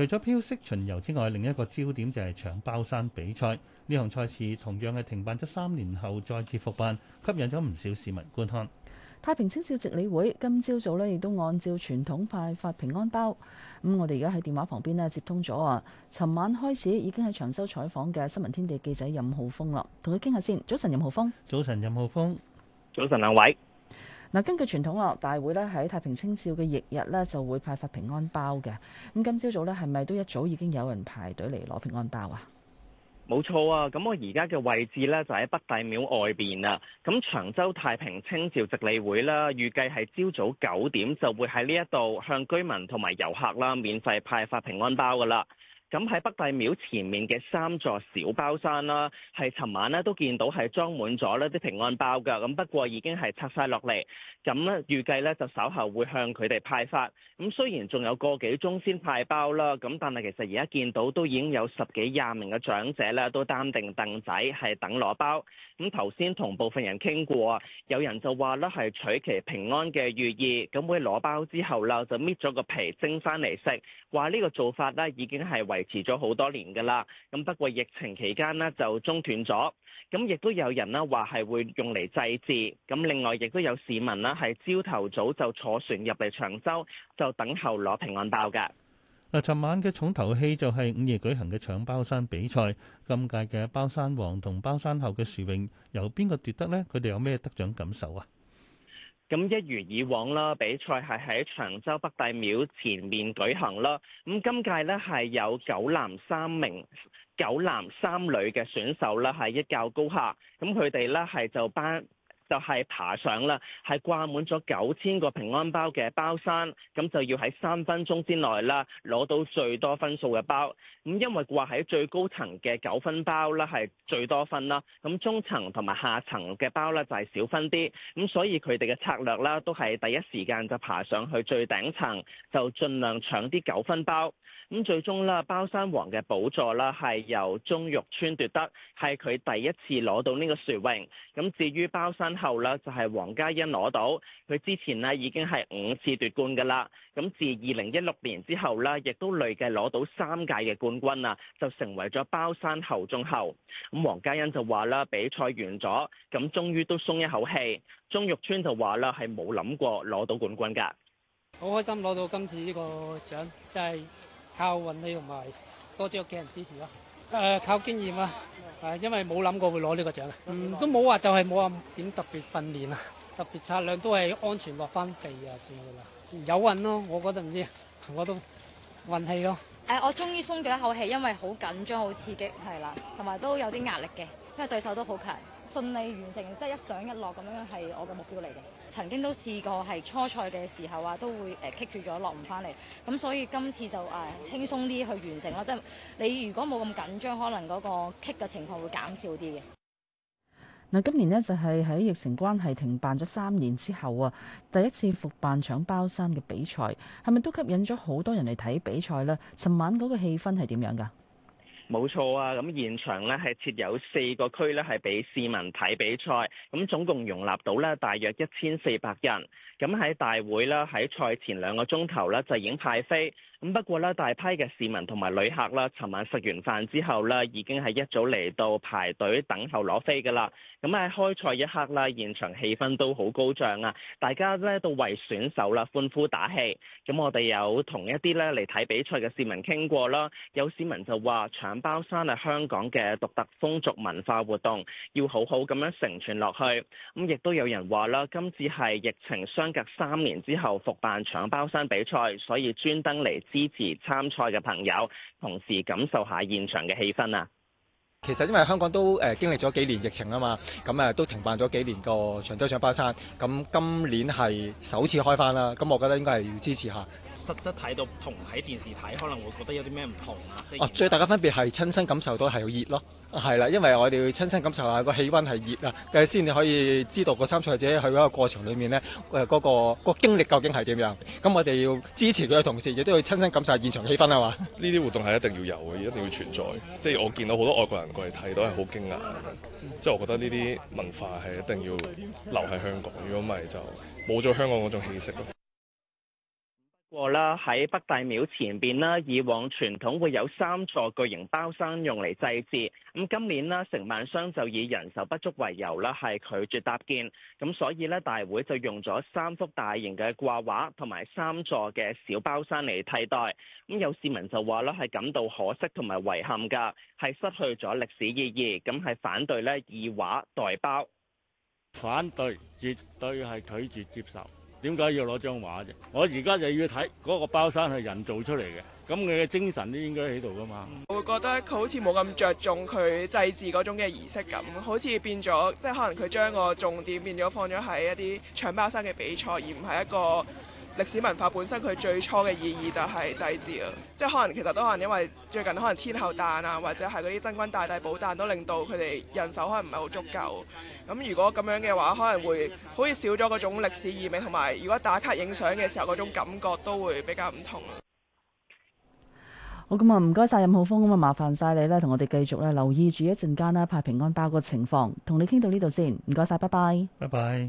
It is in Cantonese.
除咗飄色巡遊之外，另一個焦點就係搶包山比賽。呢項賽事同樣係停辦咗三年後再次復辦，吸引咗唔少市民觀看。太平清醮值理會今朝早咧，亦都按照傳統派發平安包。咁、嗯，我哋而家喺電話旁邊呢，接通咗啊。尋晚開始已經喺長洲採訪嘅新聞天地記者任浩鋒啦，同佢傾下先。早晨，任浩鋒。早晨，任浩鋒。早晨，兩位。嗱，根據傳統哦，大會咧喺太平清醮嘅翌日咧就會派發平安包嘅。咁今朝早咧係咪都一早已經有人排隊嚟攞平安包啊？冇錯啊！咁我而家嘅位置咧就喺北帝廟外邊啊。咁長洲太平清醮值理會咧，預計係朝早九點就會喺呢一度向居民同埋遊客啦免費派發平安包噶啦。咁喺北帝廟前面嘅三座小包山啦，啊，係尋晚咧都見到係裝滿咗咧啲平安包噶，咁不過已經係拆晒落嚟。咁咧預計咧就稍後會向佢哋派發，咁雖然仲有個幾鐘先派包啦，咁但係其實而家見到都已經有十幾廿名嘅長者咧都擔定凳仔係等攞包。咁頭先同部分人傾過，有人就話咧係取其平安嘅寓意，咁會攞包之後啦就搣咗個皮蒸翻嚟食。話呢個做法咧已經係為，維持咗好多年噶啦，咁不過疫情期間呢就中斷咗，咁亦都有人呢話係會用嚟祭祀，咁另外亦都有市民呢係朝頭早就坐船入嚟長洲，就等候攞平安包噶。嗱，尋晚嘅重頭戲就係午夜舉行嘅搶包山比賽，今屆嘅包山王同包山后嘅殊榮由邊個奪得呢？佢哋有咩得獎感受啊？咁一如以往啦，比賽係喺長洲北帝廟前面舉行啦。咁今屆呢，係有九男三名、九男三女嘅選手啦，係一較高下。咁佢哋呢，係就班。就係、是、爬上啦，係掛滿咗九千個平安包嘅包山，咁就要喺三分鐘之內啦攞到最多分數嘅包。咁因為掛喺最高層嘅九分包啦係最多分啦，咁中層同埋下層嘅包呢就係、是、少分啲，咁所以佢哋嘅策略啦都係第一時間就爬上去最頂層，就盡量搶啲九分包。咁最終啦，包山王嘅寶座啦係由鍾玉川奪得，係佢第一次攞到呢個殊榮。咁至於包山后啦，就係黃嘉欣攞到，佢之前呢，已經係五次奪冠噶啦，咁自二零一六年之後呢，亦都累計攞到三屆嘅冠軍啦，就成為咗包山后中后。咁黃嘉欣就話啦，比賽完咗，咁終於都鬆一口氣。鍾玉川就話啦，係冇諗過攞到冠軍噶，好開心攞到今次呢個獎，真係靠運氣同埋多謝屋企人支持咯。誒、呃、靠經驗啊，誒、啊、因為冇諗過會攞呢個獎嘅、啊，嗯都冇話就係冇話點特別訓練啊，特別策略都係安全落翻地啊算㗎啦，有運咯，我覺得唔知道，我都運氣咯。誒、哎、我終於鬆咗一口氣，因為好緊張，好刺激係啦，同埋都有啲壓力嘅，因為對手都好強。順利完成，即係一上一落咁樣，係我嘅目標嚟嘅。曾經都試過係初賽嘅時候啊，都會誒棘住咗落唔翻嚟。咁所以今次就誒輕鬆啲去完成啦。即係你如果冇咁緊張，可能嗰個棘嘅情況會減少啲嘅。嗱，今年呢，就係喺疫情關係停辦咗三年之後啊，第一次復辦搶包山嘅比賽，係咪都吸引咗好多人嚟睇比賽呢？尋晚嗰個氣氛係點樣噶？冇錯啊！咁現場咧係設有四個區咧，係俾市民睇比賽。咁總共容納到咧，大約一千四百人。咁喺大會啦，喺賽前兩個鐘頭咧，就已經派飛。咁不過呢，大批嘅市民同埋旅客啦，尋晚食完飯之後呢，已經係一早嚟到排隊等候攞飛㗎啦。咁喺開賽一刻啦，現場氣氛都好高漲啊！大家咧都為選手啦歡呼打氣。咁我哋有同一啲咧嚟睇比賽嘅市民傾過啦，有市民就話搶包山係香港嘅獨特風俗文化活動，要好好咁樣承傳落去。咁亦都有人話啦，今次係疫情相隔三年之後復辦搶包山比賽，所以專登嚟支持參賽嘅朋友，同時感受下現場嘅氣氛啊！其實因為香港都誒經歷咗幾年疫情啊嘛，咁誒都停辦咗幾年個長洲搶包山，咁今年係首次開翻啦，咁我覺得應該係要支持下。實質睇到同喺電視睇可能會覺得有啲咩唔同，就是、啊？哦，最大嘅分別係親身感受到係好熱咯。係啦，因為我哋要親身感受下個氣溫係熱啊，但係先你可以知道個參賽者去嗰個過程裏面咧誒嗰個個經歷究竟係點樣。咁我哋要支持佢嘅同時，亦都要親身感受下現場氣氛呀嘛。呢啲活動係一定要有嘅，一定要存在。即係我見到好多外國人過嚟睇到係好驚訝，即係我覺得呢啲文化係一定要留喺香港。如果唔係就冇咗香港嗰種氣息咯。過、哦、啦，喺北大廟前邊啦，以往傳統會有三座巨型包山用嚟祭祀。咁今年呢，承辦商就以人手不足為由啦，係拒絕搭建。咁所以呢，大會就用咗三幅大型嘅掛畫同埋三座嘅小包山嚟替代。咁有市民就話呢係感到可惜同埋遺憾㗎，係失去咗歷史意義。咁係反對呢？以畫代包，反對絕對係拒絕接受。點解要攞張畫啫？我而家就要睇嗰個包山係人造出嚟嘅，咁佢嘅精神都應該喺度噶嘛。我會覺得佢好似冇咁着重佢祭祀嗰種嘅儀式咁，好似變咗即係可能佢將個重點變咗放咗喺一啲搶包山嘅比賽，而唔係一個。歷史文化本身佢最初嘅意義就係祭祀啊，即係可能其實都可能因為最近可能天后誕啊，或者係嗰啲真君大帝寶誕都令到佢哋人手可能唔係好足夠。咁如果咁樣嘅話，可能會好似少咗嗰種歷史意味，同埋如果打卡影相嘅時候嗰種感覺都會比較唔同啊。好，咁啊，唔該晒任浩鋒。咁啊，麻煩晒你啦，同我哋繼續咧留意住一陣間咧派平安包嘅情況，同你傾到呢度先，唔該晒，拜拜，拜拜。